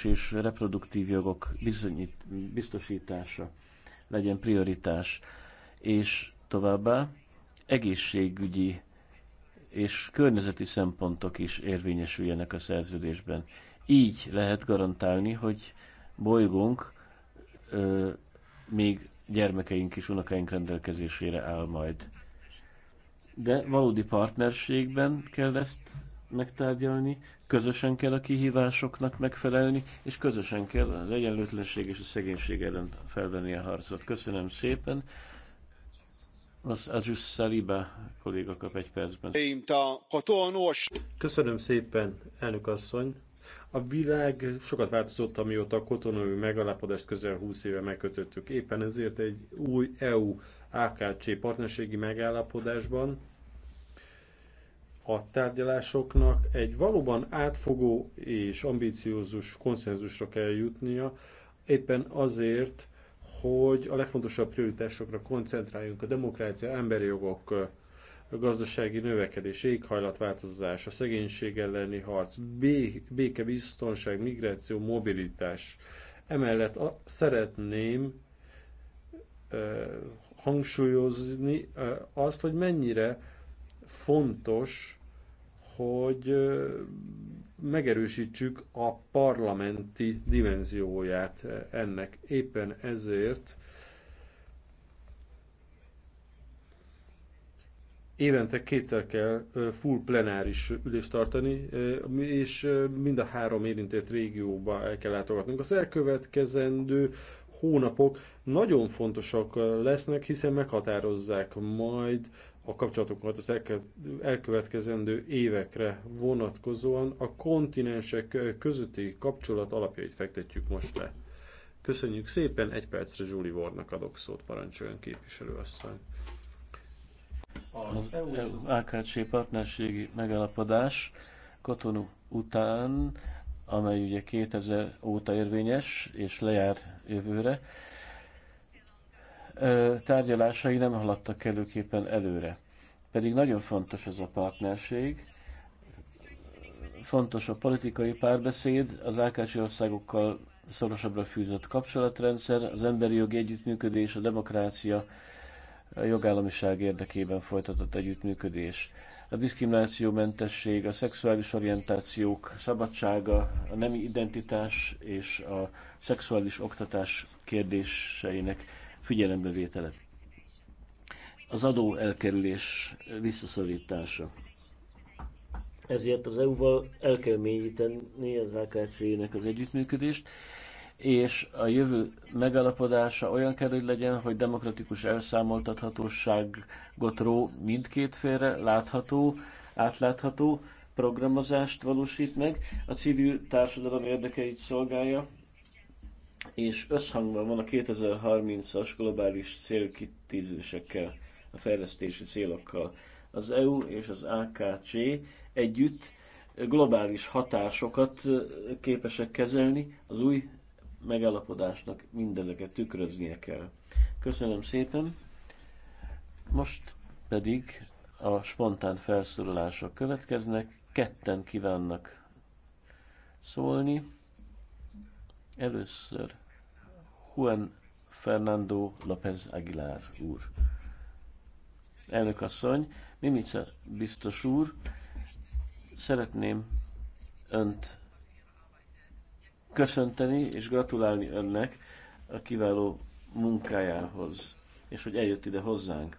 szexuális és reproduktív jogok bizonyít, biztosítása legyen prioritás, és továbbá egészségügyi és környezeti szempontok is érvényesüljenek a szerződésben. Így lehet garantálni, hogy bolygónk ö, még gyermekeink és unokáink rendelkezésére áll majd. De valódi partnerségben kell ezt megtárgyalni, közösen kell a kihívásoknak megfelelni, és közösen kell az egyenlőtlenség és a szegénység ellen felvenni a harcot. Köszönöm szépen. Az Azus Saliba kolléga kap egy percben. Köszönöm szépen, elnök asszony. A világ sokat változott, amióta a kotonói megállapodást közel 20 éve megkötöttük. Éppen ezért egy új EU-AKC partnerségi megállapodásban a tárgyalásoknak egy valóban átfogó és ambíciózus konszenzusra kell jutnia, éppen azért, hogy a legfontosabb prioritásokra koncentráljunk a demokrácia, emberi jogok, gazdasági növekedés, éghajlatváltozás, a szegénység elleni harc, béke, biztonság, migráció, mobilitás. Emellett a, szeretném ö, hangsúlyozni ö, azt, hogy mennyire fontos hogy megerősítsük a parlamenti dimenzióját ennek. Éppen ezért évente kétszer kell full plenáris ülést tartani, és mind a három érintett régióba el kell látogatnunk. Az elkövetkezendő hónapok nagyon fontosak lesznek, hiszen meghatározzák majd a kapcsolatokat az elkövetkezendő évekre vonatkozóan a kontinensek közötti kapcsolat alapjait fektetjük most le. Köszönjük szépen, egy percre Zsuli Vornak adok szót, parancsoljon képviselőasszony. Az, EU az, az AKC partnerségi megállapodás Kotonu után, amely ugye 2000 óta érvényes és lejár jövőre, tárgyalásai nem haladtak kellőképpen előre. Pedig nagyon fontos ez a partnerség, fontos a politikai párbeszéd, az Ákási országokkal szorosabbra fűzött kapcsolatrendszer, az emberi jogi együttműködés, a demokrácia, a jogállamiság érdekében folytatott együttműködés. A diszkriminációmentesség, a szexuális orientációk szabadsága, a nemi identitás és a szexuális oktatás kérdéseinek figyelembevétele. Az adó elkerülés visszaszorítása. Ezért az EU-val el kell mélyíteni az AKC-nek az együttműködést, és a jövő megalapodása olyan kell, hogy legyen, hogy demokratikus elszámoltathatóságot ró mindkét félre, látható, átlátható programozást valósít meg, a civil társadalom érdekeit szolgálja, és összhangban van a 2030-as globális célkitűzésekkel, a fejlesztési célokkal. Az EU és az AKC együtt globális hatásokat képesek kezelni, az új megállapodásnak mindezeket tükröznie kell. Köszönöm szépen! Most pedig a spontán felszólalások következnek, ketten kívánnak szólni. Először Juan Fernando López Aguilar úr. Elnök asszony, Mimica biztos úr, szeretném önt köszönteni és gratulálni önnek a kiváló munkájához, és hogy eljött ide hozzánk.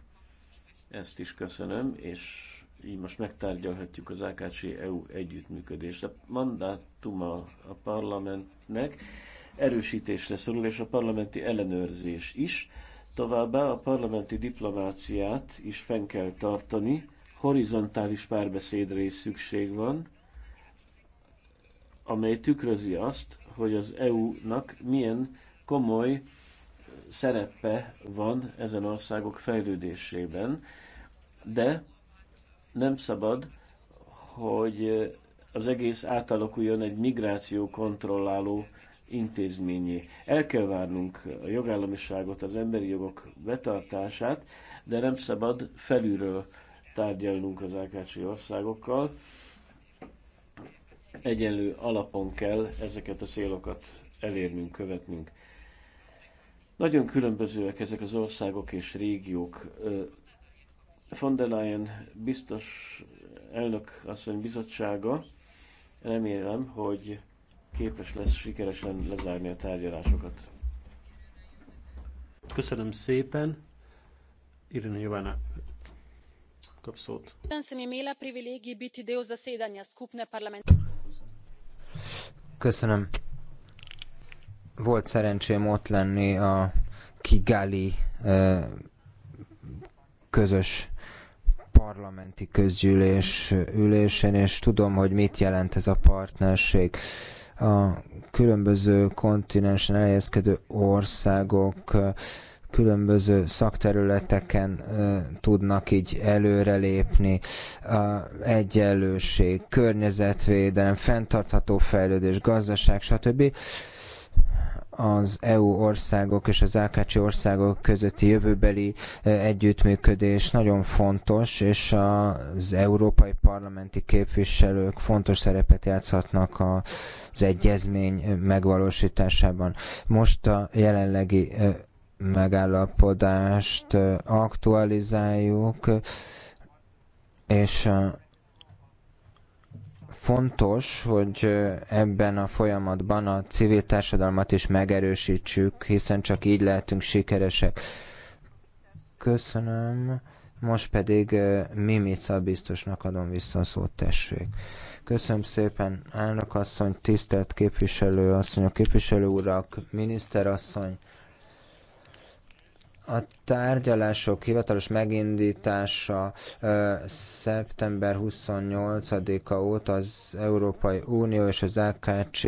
Ezt is köszönöm, és így most megtárgyalhatjuk az AKC-EU együttműködést. A mandátuma a parlamentnek erősítésre szorul, és a parlamenti ellenőrzés is. Továbbá a parlamenti diplomáciát is fenn kell tartani, horizontális párbeszédre is szükség van, amely tükrözi azt, hogy az EU-nak milyen komoly szerepe van ezen országok fejlődésében, de nem szabad, hogy az egész átalakuljon egy migráció kontrolláló intézményé. El kell várnunk a jogállamiságot, az emberi jogok betartását, de nem szabad felülről tárgyalnunk az AKC országokkal. Egyenlő alapon kell ezeket a célokat elérnünk, követnünk. Nagyon különbözőek ezek az országok és régiók. Von der Leyen biztos elnök asszony bizottsága, remélem, hogy képes lesz sikeresen lezárni a tárgyalásokat. Köszönöm szépen. Irina Jovana kap szót. Köszönöm. Volt szerencsém ott lenni a Kigali közös parlamenti közgyűlés ülésén, és tudom, hogy mit jelent ez a partnerség a különböző kontinensen elhelyezkedő országok különböző szakterületeken tudnak így előrelépni. Egyenlőség, környezetvédelem, fenntartható fejlődés, gazdaság, stb az EU országok és az AKC országok közötti jövőbeli együttműködés nagyon fontos, és az európai parlamenti képviselők fontos szerepet játszhatnak az egyezmény megvalósításában. Most a jelenlegi megállapodást aktualizáljuk, és Fontos, hogy ebben a folyamatban a civil társadalmat is megerősítsük, hiszen csak így lehetünk sikeresek. Köszönöm. Most pedig Mimica biztosnak adom vissza a szót, tessék. Köszönöm szépen, elnök asszony, tisztelt képviselő asszonyok, képviselő urak, miniszter asszony. A tárgyalások hivatalos megindítása szeptember 28-a óta az Európai Unió és az AKC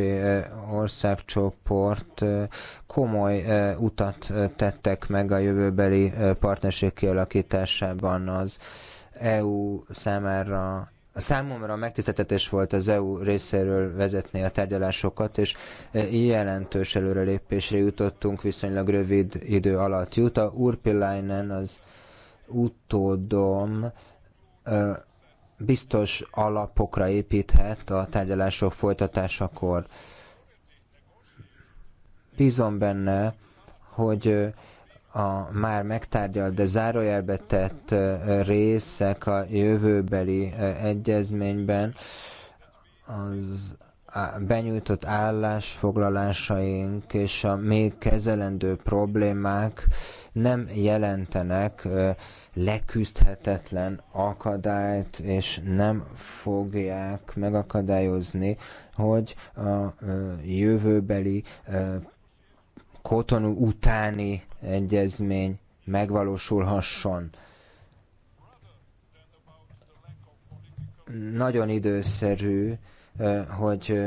országcsoport komoly utat tettek meg a jövőbeli partnerség kialakításában az EU számára a számomra megtiszteltetés volt az EU részéről vezetni a tárgyalásokat, és e, jelentős előrelépésre jutottunk viszonylag rövid idő alatt. Juta Urpilainen az utódom e, biztos alapokra építhet a tárgyalások folytatásakor. Bízom benne, hogy a már megtárgyalt, de zárójelbe tett részek a jövőbeli egyezményben az benyújtott állásfoglalásaink és a még kezelendő problémák nem jelentenek leküzdhetetlen akadályt, és nem fogják megakadályozni, hogy a jövőbeli kotonú utáni egyezmény megvalósulhasson. Nagyon időszerű, hogy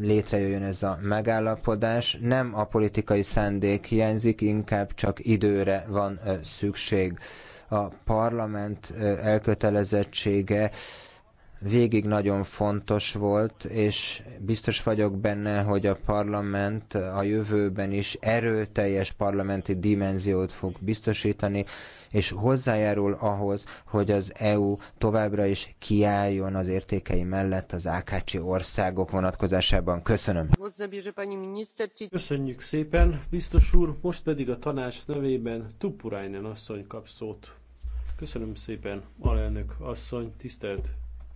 létrejöjjön ez a megállapodás. Nem a politikai szándék hiányzik, inkább csak időre van szükség. A parlament elkötelezettsége végig nagyon fontos volt, és biztos vagyok benne, hogy a parlament a jövőben is erőteljes parlamenti dimenziót fog biztosítani, és hozzájárul ahhoz, hogy az EU továbbra is kiálljon az értékei mellett az Ákácsi országok vonatkozásában. Köszönöm. Köszönjük szépen, biztos úr, most pedig a tanács nevében Tupurainen asszony kap szót. Köszönöm szépen, alelnök asszony, tisztelt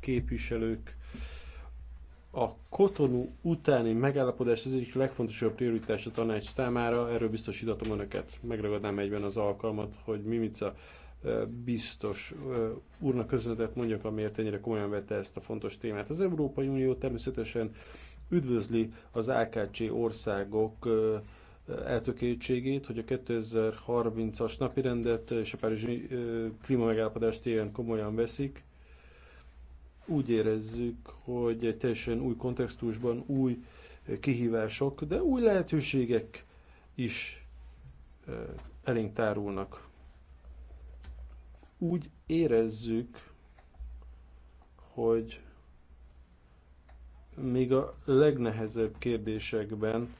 képviselők. A Kotonu utáni megállapodás az egyik legfontosabb prioritás a tanács számára, erről biztosítatom önöket. Megragadnám egyben az alkalmat, hogy Mimica biztos úrnak köszönetet mondjak, amiért ennyire komolyan vette ezt a fontos témát. Az Európai Unió természetesen üdvözli az AKC országok eltökéltségét, hogy a 2030-as napirendet és a Párizsi klímamegállapodást ilyen komolyan veszik. Úgy érezzük, hogy egy teljesen új kontextusban új kihívások, de új lehetőségek is elénk tárulnak. Úgy érezzük, hogy még a legnehezebb kérdésekben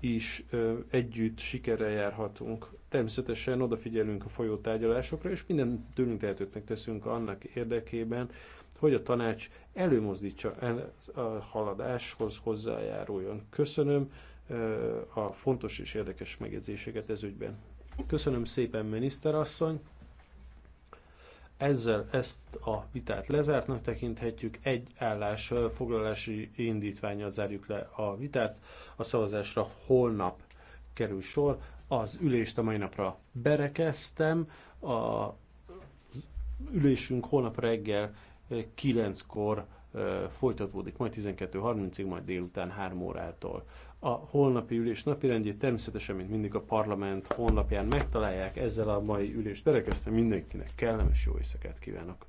is együtt sikerrel járhatunk. Természetesen odafigyelünk a folyó tárgyalásokra, és minden tőlünk tehetőtnek megteszünk annak érdekében, hogy a tanács előmozdítsa el a haladáshoz hozzájáruljon. Köszönöm a fontos és érdekes megjegyzéseket ez ügyben. Köszönöm szépen, miniszterasszony! Ezzel ezt a vitát lezártnak tekinthetjük, egy állás foglalási indítványjal zárjuk le a vitát. A szavazásra holnap kerül sor. Az ülést a mai napra berekeztem. A ülésünk holnap reggel 9-kor folytatódik, majd 12.30-ig, majd délután 3 órától. A holnapi ülés napirendjét természetesen, mint mindig a parlament honlapján megtalálják, ezzel a mai ülést berekeztem mindenkinek, kellemes jó éjszakát kívánok!